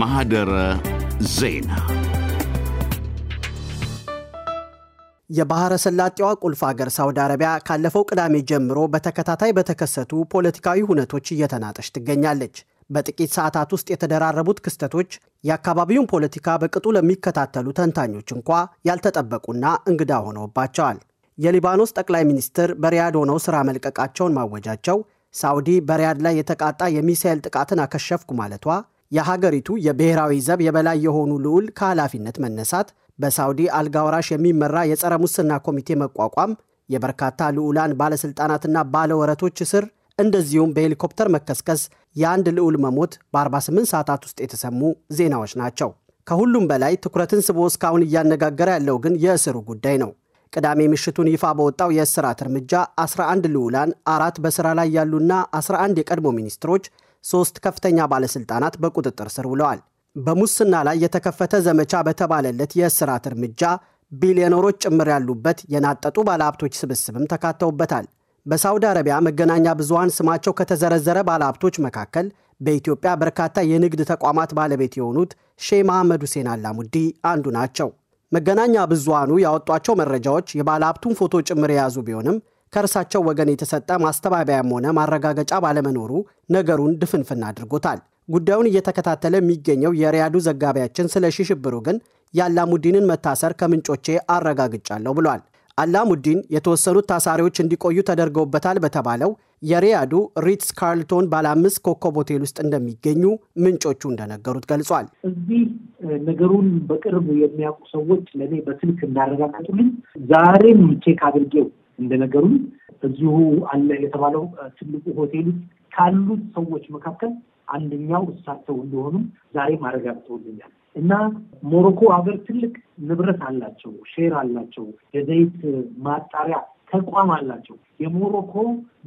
ማህደረ ዜና የባህረ ሰላጤዋ ቁልፍ አገር ሳውዲ አረቢያ ካለፈው ቅዳሜ ጀምሮ በተከታታይ በተከሰቱ ፖለቲካዊ ሁነቶች እየተናጠች ትገኛለች። በጥቂት ሰዓታት ውስጥ የተደራረቡት ክስተቶች የአካባቢውን ፖለቲካ በቅጡ ለሚከታተሉ ተንታኞች እንኳ ያልተጠበቁና እንግዳ ሆነውባቸዋል። የሊባኖስ ጠቅላይ ሚኒስትር በሪያድ ሆነው ሥራ መልቀቃቸውን ማወጃቸው ሳውዲ በሪያድ ላይ የተቃጣ የሚሳኤል ጥቃትን አከሸፍኩ ማለቷ፣ የሀገሪቱ የብሔራዊ ዘብ የበላይ የሆኑ ልዑል ከኃላፊነት መነሳት፣ በሳውዲ አልጋውራሽ የሚመራ የጸረ ሙስና ኮሚቴ መቋቋም፣ የበርካታ ልዑላን ባለሥልጣናትና ባለወረቶች እስር እንደዚሁም በሄሊኮፕተር መከስከስ የአንድ ልዑል መሞት በ48 ሰዓታት ውስጥ የተሰሙ ዜናዎች ናቸው። ከሁሉም በላይ ትኩረትን ስቦ እስካሁን እያነጋገረ ያለው ግን የእስሩ ጉዳይ ነው። ቅዳሜ ምሽቱን ይፋ በወጣው የእስራት እርምጃ 11 ልዑላን፣ አራት በስራ ላይ ያሉና 11 የቀድሞ ሚኒስትሮች፣ ሦስት ከፍተኛ ባለሥልጣናት በቁጥጥር ስር ውለዋል። በሙስና ላይ የተከፈተ ዘመቻ በተባለለት የእስራት እርምጃ ቢሊዮነሮች ጭምር ያሉበት የናጠጡ ባለሀብቶች ስብስብም ተካተውበታል። በሳውዲ አረቢያ መገናኛ ብዙሃን ስማቸው ከተዘረዘረ ባለሀብቶች መካከል በኢትዮጵያ በርካታ የንግድ ተቋማት ባለቤት የሆኑት ሼህ መሐመድ ሁሴን አላሙዲ አንዱ ናቸው። መገናኛ ብዙሃኑ ያወጧቸው መረጃዎች የባለሀብቱን ፎቶ ጭምር የያዙ ቢሆንም ከእርሳቸው ወገን የተሰጠ ማስተባበያም ሆነ ማረጋገጫ ባለመኖሩ ነገሩን ድፍንፍን አድርጎታል። ጉዳዩን እየተከታተለ የሚገኘው የሪያዱ ዘጋቢያችን ስለ ሽሽብሩ ግን የአላሙዲንን መታሰር ከምንጮቼ አረጋግጫለሁ ብሏል። አላሙዲን የተወሰኑት ታሳሪዎች እንዲቆዩ ተደርገውበታል በተባለው የሪያዱ ሪትስ ካርልቶን ባለ አምስት ኮከብ ሆቴል ውስጥ እንደሚገኙ ምንጮቹ እንደነገሩት ገልጿል። እዚህ ነገሩን በቅርብ የሚያውቁ ሰዎች ለእኔ በስልክ እንዳረጋገጡልኝ ዛሬም ቼክ አድርጌው እንደነገሩኝ እዚሁ አለ የተባለው ትልቁ ሆቴል ውስጥ ካሉት ሰዎች መካከል አንደኛው እሳቸው እንደሆኑ ዛሬም አረጋግጠውልኛል። እና ሞሮኮ ሀገር ትልቅ ንብረት አላቸው፣ ሼር አላቸው፣ የዘይት ማጣሪያ ተቋም አላቸው። የሞሮኮ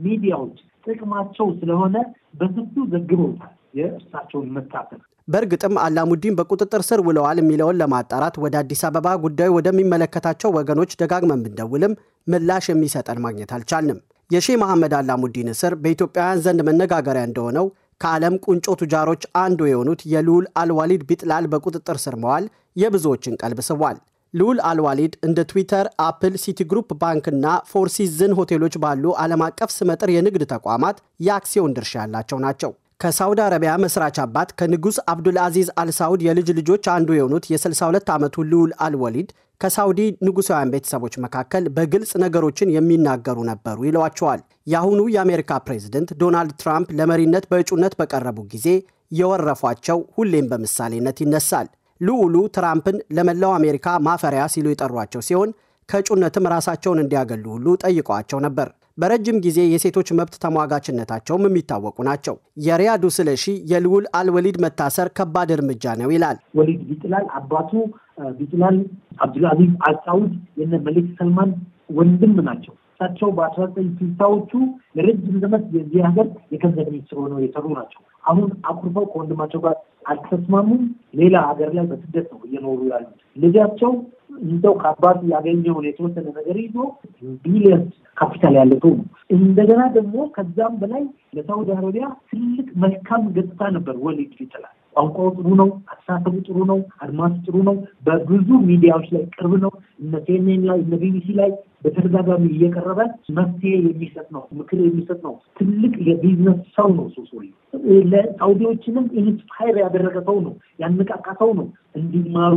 ሚዲያዎች ጥቅማቸው ስለሆነ በሰፊው ዘግበውታል የእርሳቸውን መታሰር። በእርግጥም አላሙዲን በቁጥጥር ስር ውለዋል የሚለውን ለማጣራት ወደ አዲስ አበባ ጉዳዩ ወደሚመለከታቸው ወገኖች ደጋግመን ብንደውልም ምላሽ የሚሰጠን ማግኘት አልቻልንም። የሼህ መሐመድ አላሙዲን እስር በኢትዮጵያውያን ዘንድ መነጋገሪያ እንደሆነው ከዓለም ቁንጮ ቱጃሮች አንዱ የሆኑት የልዑል አልዋሊድ ቢጥላል በቁጥጥር ስር መዋል የብዙዎችን ቀልብ ስቧል። ልዑል አልዋሊድ እንደ ትዊተር፣ አፕል፣ ሲቲ ግሩፕ ባንክና ፎር ፎርሲዝን ሆቴሎች ባሉ ዓለም አቀፍ ስመጥር የንግድ ተቋማት የአክሲዮን ድርሻ ያላቸው ናቸው። ከሳውዲ አረቢያ መስራች አባት ከንጉሥ አብዱልአዚዝ አልሳውድ የልጅ ልጆች አንዱ የሆኑት የ62 ዓመቱ ልዑል አልወሊድ ከሳውዲ ንጉሳውያን ቤተሰቦች መካከል በግልጽ ነገሮችን የሚናገሩ ነበሩ ይለዋቸዋል። የአሁኑ የአሜሪካ ፕሬዝደንት ዶናልድ ትራምፕ ለመሪነት በእጩነት በቀረቡ ጊዜ የወረፏቸው ሁሌም በምሳሌነት ይነሳል። ልዑሉ ትራምፕን ለመላው አሜሪካ ማፈሪያ ሲሉ የጠሯቸው ሲሆን ከእጩነትም ራሳቸውን እንዲያገሉ ሁሉ ጠይቀዋቸው ነበር። በረጅም ጊዜ የሴቶች መብት ተሟጋችነታቸውም የሚታወቁ ናቸው። የሪያዱ ስለሺ የልዑል አልወሊድ መታሰር ከባድ እርምጃ ነው ይላል። ወሊድ ቢጥላል፣ አባቱ ቢጥላል፣ አብዱልአዚዝ አልሳውድ የነ መሌክ ሰልማን ወንድም ናቸው። እሳቸው በአስራ ዘጠኝ ስልሳዎቹ ለረጅም ዘመት የዚህ ሀገር የገንዘብ ሚኒስትር ሆነው የሰሩ ናቸው። አሁን አኩርፈው ከወንድማቸው ጋር አልተስማሙም። ሌላ ሀገር ላይ በስደት ነው እየኖሩ ያሉት። ልጃቸው እንደው ከአባት ያገኘውን የተወሰነ ነገር ይዞ ቢሊየን ካፒታል ያለው ሰው ነው። እንደገና ደግሞ ከዛም በላይ ለሳውዲ አረቢያ ትልቅ መልካም ገጽታ ነበር። ወሊድ ይጥላል። ቋንቋው ጥሩ ነው። አስተሳሰቡ ጥሩ ነው። አድማሱ ጥሩ ነው። በብዙ ሚዲያዎች ላይ ቅርብ ነው። እነ ሲኤንኤን ላይ እነ ቢቢሲ ላይ በተደጋጋሚ እየቀረበ መፍትሄ የሚሰጥ ነው፣ ምክር የሚሰጥ ነው። ትልቅ የቢዝነስ ሰው ነው። ሱሱሪ ለሳውዲዎችንም ኢንስፓየር ያደረገ ሰው ነው፣ ያነቃቃ ሰው ነው፣ እንዲማሩ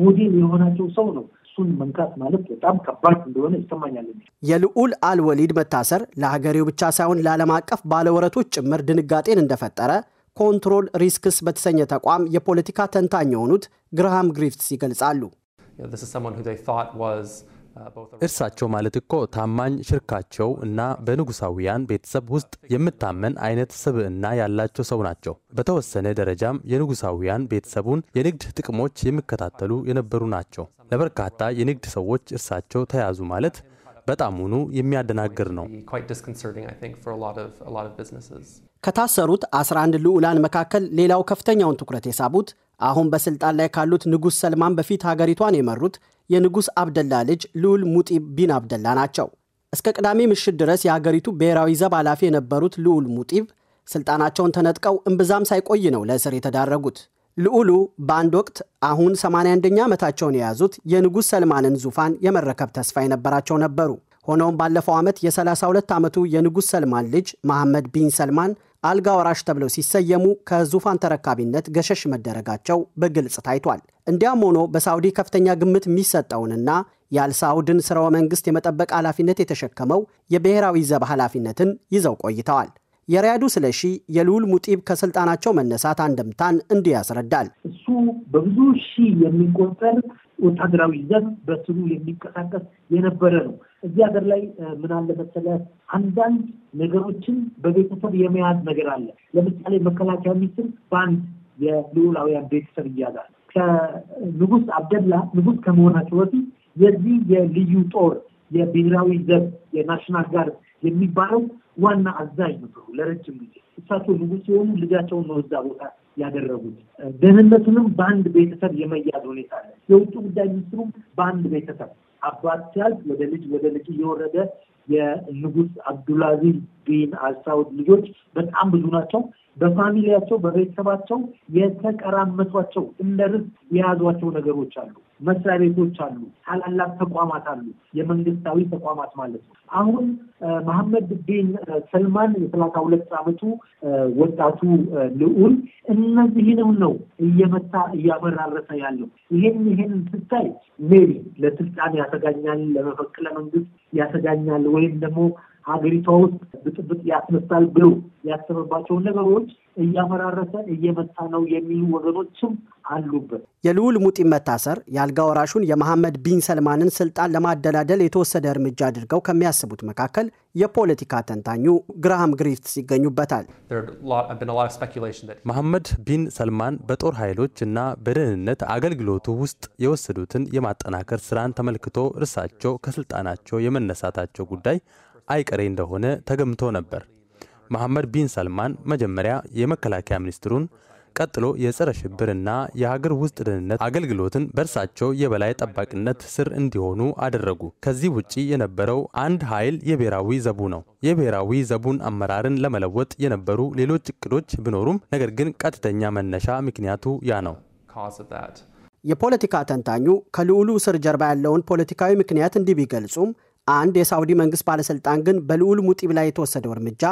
ሞዴል የሆናቸው ሰው ነው። እሱን መንካት ማለት በጣም ከባድ እንደሆነ ይሰማኛል። የልዑል አልወሊድ መታሰር ለሀገሬው ብቻ ሳይሆን ለዓለም አቀፍ ባለወረቶች ጭምር ድንጋጤን እንደፈጠረ ኮንትሮል ሪስክስ በተሰኘ ተቋም የፖለቲካ ተንታኝ የሆኑት ግርሃም ግሪፍትስ ይገልጻሉ። እርሳቸው ማለት እኮ ታማኝ ሽርካቸው እና በንጉሳውያን ቤተሰብ ውስጥ የምታመን አይነት ስብዕና ያላቸው ሰው ናቸው። በተወሰነ ደረጃም የንጉሳውያን ቤተሰቡን የንግድ ጥቅሞች የሚከታተሉ የነበሩ ናቸው። ለበርካታ የንግድ ሰዎች እርሳቸው ተያዙ ማለት በጣሙኑ የሚያደናግር ነው። ከታሰሩት 11 ልዑላን መካከል ሌላው ከፍተኛውን ትኩረት የሳቡት አሁን በስልጣን ላይ ካሉት ንጉሥ ሰልማን በፊት ሀገሪቷን የመሩት የንጉሥ አብደላ ልጅ ልዑል ሙጢ ቢን አብደላ ናቸው። እስከ ቅዳሜ ምሽት ድረስ የሀገሪቱ ብሔራዊ ዘብ ኃላፊ የነበሩት ልዑል ሙጢብ ስልጣናቸውን ተነጥቀው እምብዛም ሳይቆይ ነው ለእስር የተዳረጉት። ልዑሉ በአንድ ወቅት አሁን 81ኛ ዓመታቸውን የያዙት የንጉሥ ሰልማንን ዙፋን የመረከብ ተስፋ የነበራቸው ነበሩ። ሆኖም ባለፈው ዓመት የ32 ዓመቱ የንጉሥ ሰልማን ልጅ መሐመድ ቢን ሰልማን አልጋ ወራሽ ተብለው ሲሰየሙ ከዙፋን ተረካቢነት ገሸሽ መደረጋቸው በግልጽ ታይቷል። እንዲያም ሆኖ በሳውዲ ከፍተኛ ግምት የሚሰጠውንና የአልሳውድን ስርወ መንግስት የመጠበቅ ኃላፊነት የተሸከመው የብሔራዊ ዘብ ኃላፊነትን ይዘው ቆይተዋል። የሪያዱ ስለሺ የልዑል ሙጢብ ከስልጣናቸው መነሳት አንድምታን እንዲህ ያስረዳል። እሱ በብዙ ሺህ የሚቆጠር ወታደራዊ ዘብ በስሩ የሚንቀሳቀስ የነበረ ነው። እዚህ ሀገር ላይ ምን አለ መሰለ፣ አንዳንድ ነገሮችን በቤተሰብ የመያዝ ነገር አለ። ለምሳሌ መከላከያ ሚኒስትር በአንድ የልዑላውያን ቤተሰብ እያዛል። ከንጉስ አብደላ ንጉስ ከመሆናቸው በፊት የዚህ የልዩ ጦር የብሔራዊ ዘብ የናሽናል ጋርድ የሚባለው ዋና አዛዥ ነበሩ ለረጅም ጊዜ። እሳቸው ንጉስ ሲሆኑ ልጃቸውን ነው እዛ ቦታ ያደረጉት። ደህንነቱንም በአንድ ቤተሰብ የመያዝ ሁኔታ አለ። የውጭ ጉዳይ ሚኒስትሩም በአንድ ቤተሰብ አባት ሲያዝ ወደ ልጅ ወደ ልጅ እየወረደ የንጉስ አብዱልአዚዝ ቢን አልሳውድ ልጆች በጣም ብዙ ናቸው። በፋሚሊያቸው በቤተሰባቸው የተቀራመቷቸው እንደ ርስ የያዟቸው ነገሮች አሉ። መስሪያ ቤቶች አሉ፣ ታላላቅ ተቋማት አሉ፣ የመንግስታዊ ተቋማት ማለት ነው። አሁን መሐመድ ቢን ሰልማን የሰላሳ ሁለት ዓመቱ ወጣቱ ልዑል እነዚህንም ነው እየመታ እያመራረሰ ያለው። ይሄን ይሄን ስታይ ሜሪ ለስልጣን ያሰጋኛል፣ ለመፈክለ መንግስት ያሰጋኛል ወይም ደግሞ ሀገሪቷ ውስጥ ብጥብጥ ያስነሳል ብሎ ያሰበባቸውን ነገሮች እያፈራረሰ እየመታ ነው የሚሉ ወገኖችም አሉበት። የልዑል ሙጢ መታሰር የአልጋ ወራሹን የመሐመድ ቢን ሰልማንን ስልጣን ለማደላደል የተወሰደ እርምጃ አድርገው ከሚያስቡት መካከል የፖለቲካ ተንታኙ ግራሃም ግሪፍትስ ይገኙበታል። መሐመድ ቢን ሰልማን በጦር ኃይሎች እና በደህንነት አገልግሎቱ ውስጥ የወሰዱትን የማጠናከር ስራን ተመልክቶ እርሳቸው ከስልጣናቸው የመነሳታቸው ጉዳይ አይቀሬ እንደሆነ ተገምቶ ነበር። መሐመድ ቢን ሰልማን መጀመሪያ የመከላከያ ሚኒስትሩን ቀጥሎ የጸረ ሽብርና የሀገር ውስጥ ደህንነት አገልግሎትን በእርሳቸው የበላይ ጠባቂነት ስር እንዲሆኑ አደረጉ። ከዚህ ውጪ የነበረው አንድ ኃይል የብሔራዊ ዘቡ ነው። የብሔራዊ ዘቡን አመራርን ለመለወጥ የነበሩ ሌሎች እቅዶች ቢኖሩም ነገር ግን ቀጥተኛ መነሻ ምክንያቱ ያ ነው። የፖለቲካ ተንታኙ ከልዑሉ ስር ጀርባ ያለውን ፖለቲካዊ ምክንያት እንዲህ ቢገልጹም አንድ የሳውዲ መንግስት ባለሥልጣን ግን በልዑል ሙጢብ ላይ የተወሰደው እርምጃ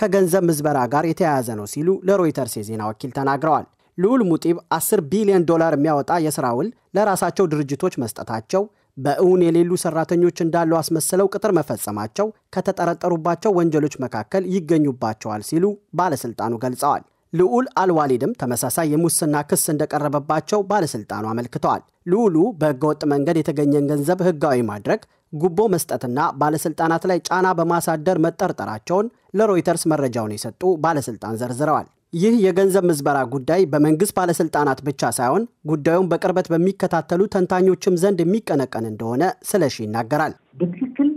ከገንዘብ ምዝበራ ጋር የተያያዘ ነው ሲሉ ለሮይተርስ የዜና ወኪል ተናግረዋል። ልዑል ሙጢብ 10 ቢሊዮን ዶላር የሚያወጣ የሥራ ውል ለራሳቸው ድርጅቶች መስጠታቸው፣ በእውን የሌሉ ሠራተኞች እንዳሉ አስመስለው ቅጥር መፈጸማቸው ከተጠረጠሩባቸው ወንጀሎች መካከል ይገኙባቸዋል ሲሉ ባለሥልጣኑ ገልጸዋል። ልዑል አልዋሊድም ተመሳሳይ የሙስና ክስ እንደቀረበባቸው ባለሥልጣኑ አመልክተዋል። ልዑሉ በሕገወጥ መንገድ የተገኘን ገንዘብ ሕጋዊ ማድረግ ጉቦ መስጠትና ባለሥልጣናት ላይ ጫና በማሳደር መጠርጠራቸውን ለሮይተርስ መረጃውን የሰጡ ባለሥልጣን ዘርዝረዋል። ይህ የገንዘብ ምዝበራ ጉዳይ በመንግሥት ባለሥልጣናት ብቻ ሳይሆን ጉዳዩን በቅርበት በሚከታተሉ ተንታኞችም ዘንድ የሚቀነቀን እንደሆነ ስለሺ ይናገራል። በትክክል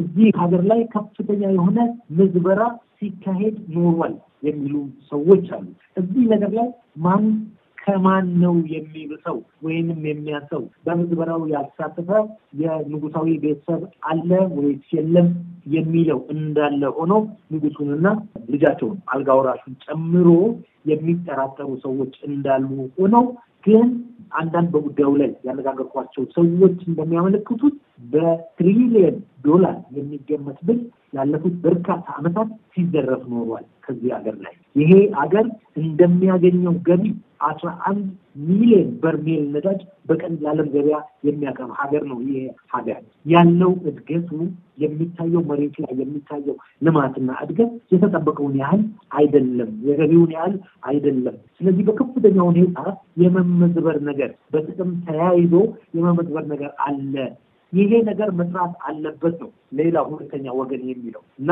እዚህ ሀገር ላይ ከፍተኛ የሆነ ምዝበራ ሲካሄድ ኖሯል የሚሉ ሰዎች አሉ። እዚህ ነገር ላይ ማን ከማን ነው የሚብሰው ወይንም የሚያሰው? በምዝበራው ያሳተፈ የንጉሳዊ ቤተሰብ አለ ወይስ የለም የሚለው እንዳለ ሆኖ ንጉሱንና ልጃቸውን አልጋ ጨምሮ የሚጠራጠሩ ሰዎች እንዳሉ ሆነው ግን አንዳንድ በጉዳዩ ላይ ያነጋገርኳቸው ሰዎች እንደሚያመለክቱት በትሪሊየን ዶላር የሚገመት ብል ላለፉት በርካታ ዓመታት ሲዘረፍ ኖሯል ከዚህ ሀገር ላይ። ይሄ ሀገር እንደሚያገኘው ገቢ አስራ አንድ ሚሊዮን በርሜል ነዳጅ በቀን ለዓለም ገበያ የሚያቀርብ ሀገር ነው። ይህ ሀገር ያለው እድገቱ የሚታየው መሬት ላይ የሚታየው ልማትና እድገት የተጠበቀውን ያህል አይደለም፣ የገቢውን ያህል አይደለም። ስለዚህ በከፍተኛ ሁኔታ የመመዝበር ነገር በጥቅም ተያይዞ የመመዝበር ነገር አለ። ይሄ ነገር መስራት አለበት ነው ሌላ ሁለተኛ ወገን የሚለው እና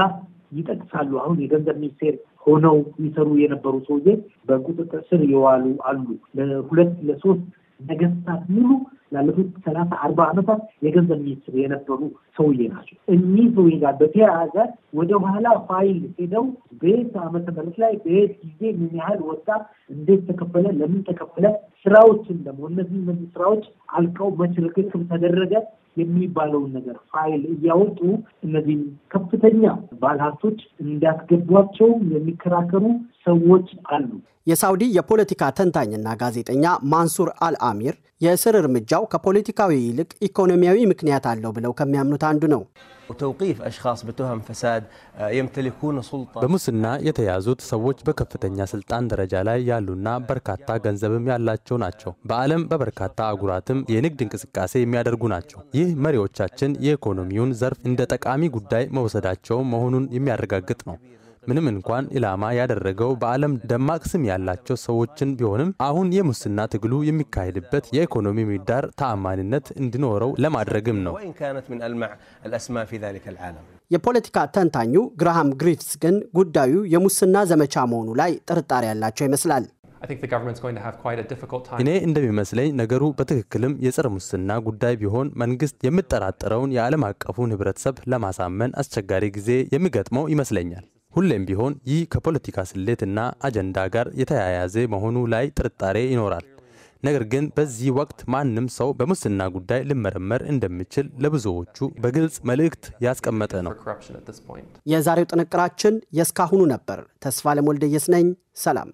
ይጠቅሳሉ። አሁን የገንዘብ ሚኒስቴር ሆነው የሚሰሩ የነበሩ ሰውዬ በቁጥጥር ስር የዋሉ አሉ። ለሁለት ለሶስት ነገስታት ሙሉ ላለፉት ሰላሳ አርባ ዓመታት የገንዘብ ሚኒስትር የነበሩ ሰውዬ ናቸው። እኚህ ሰውዬ ጋር በተያያዘ ወደ ኋላ ፋይል ሄደው በየት ዓመተ ምህረት ላይ በየት ጊዜ ምን ያህል ወጣ፣ እንዴት ተከፈለ፣ ለምን ተከፈለ፣ ስራዎችን ደግሞ እነዚህ እነዚህ ስራዎች አልቀው መች ርክክብ ተደረገ የሚባለውን ነገር ፋይል እያወጡ እነዚህም ከፍተኛ ባለሀብቶች እንዳስገቧቸው የሚከራከሩ ሰዎች አሉ። የሳውዲ የፖለቲካ ተንታኝና ጋዜጠኛ ማንሱር አልአሚር የእስር እርምጃው ከፖለቲካዊ ይልቅ ኢኮኖሚያዊ ምክንያት አለው ብለው ከሚያምኑት አንዱ ነው። በሙስና የተያዙት ሰዎች በከፍተኛ ስልጣን ደረጃ ላይ ያሉና በርካታ ገንዘብም ያላቸው ናቸው። በዓለም በበርካታ አጉራትም የንግድ እንቅስቃሴ የሚያደርጉ ናቸው። ይህ መሪዎቻችን የኢኮኖሚውን ዘርፍ እንደ ጠቃሚ ጉዳይ መውሰዳቸው መሆኑን የሚያረጋግጥ ነው። ምንም እንኳን ኢላማ ያደረገው በዓለም ደማቅ ስም ያላቸው ሰዎችን ቢሆንም አሁን የሙስና ትግሉ የሚካሄድበት የኢኮኖሚ ምህዳር ተአማኒነት እንዲኖረው ለማድረግም ነው። የፖለቲካ ተንታኙ ግራሃም ግሪፍስ ግን ጉዳዩ የሙስና ዘመቻ መሆኑ ላይ ጥርጣሬ ያላቸው ይመስላል። እኔ እንደሚመስለኝ ነገሩ በትክክልም የጸረ ሙስና ጉዳይ ቢሆን መንግስት የምጠራጠረውን የዓለም አቀፉን ህብረተሰብ ለማሳመን አስቸጋሪ ጊዜ የሚገጥመው ይመስለኛል። ሁሌም ቢሆን ይህ ከፖለቲካ ስሌትና አጀንዳ ጋር የተያያዘ መሆኑ ላይ ጥርጣሬ ይኖራል። ነገር ግን በዚህ ወቅት ማንም ሰው በሙስና ጉዳይ ሊመረመር እንደሚችል ለብዙዎቹ በግልጽ መልእክት ያስቀመጠ ነው። የዛሬው ጥንቅራችን የእስካሁኑ ነበር። ተስፋ ለሞልደየስ ነኝ። ሰላም።